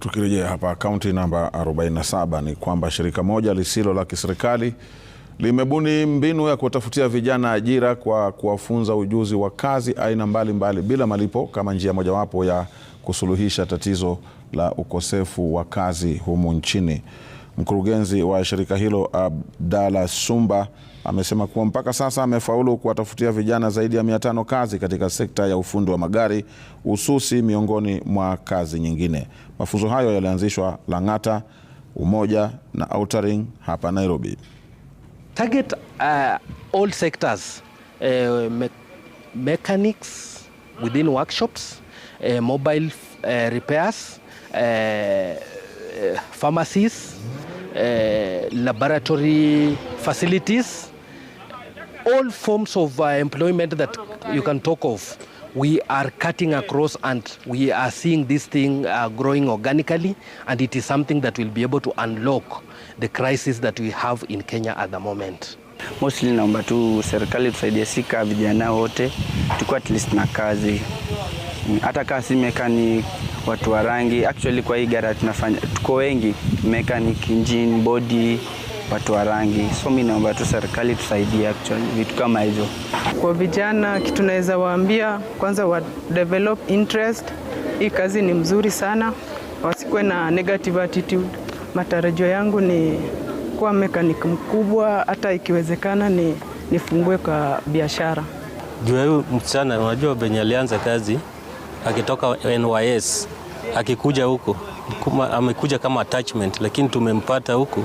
Tukirejea hapa kaunti namba 47 ni kwamba shirika moja lisilo la kiserikali limebuni mbinu ya kuwatafutia vijana ajira kwa kuwafunza ujuzi wa kazi aina mbalimbali mbali bila malipo kama njia mojawapo ya kusuluhisha tatizo la ukosefu wa kazi humu nchini. Mkurugenzi wa shirika hilo Abdalla Sumba amesema kuwa mpaka sasa amefaulu kuwatafutia vijana zaidi ya mia tano kazi katika sekta ya ufundi wa magari, hususi miongoni mwa kazi nyingine. Mafunzo hayo yalianzishwa Lang'ata, Umoja na Outering hapa Nairobi. Target uh, all sectors uh, me mechanics within workshops uh, mobile uh, repairs uh, uh pharmacies Eh, laboratory facilities, all forms of uh, employment that you can talk of. We are cutting across and we are seeing this thing uh, growing organically and it is something that will be able to unlock the crisis that we have in Kenya at the moment. Mostly naomba tu serikali tusaidie sika vijana wote tukua at least na kazi hata kasi si mechanic watu wa rangi. Actually kwa hii gara tunafanya tuko wengi, mechanic, engine, body, watu wa rangi. So mimi naomba tu serikali tusaidie actually vitu kama hivyo. Kwa vijana kitu naweza waambia, kwanza wa develop interest. Hii kazi ni mzuri sana, wasikwe na negative attitude. Matarajio yangu ni kuwa mechanic mkubwa, hata ikiwezekana ni nifungue kwa biashara. Juu huyu msichana, unajua venye alianza kazi akitoka NYS akikuja huku amekuja kama attachment, lakini tumempata huku,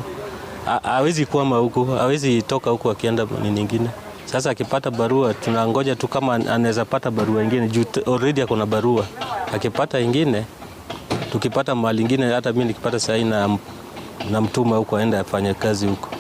hawezi kwama huku, hawezi toka huku akienda ni nyingine. Sasa akipata barua, tunangoja tu kama anaweza pata barua ingine juu already ako na barua. Akipata ingine, tukipata mali ingine, hata mimi nikipata sahii na, na mtuma huko aende afanye kazi huko.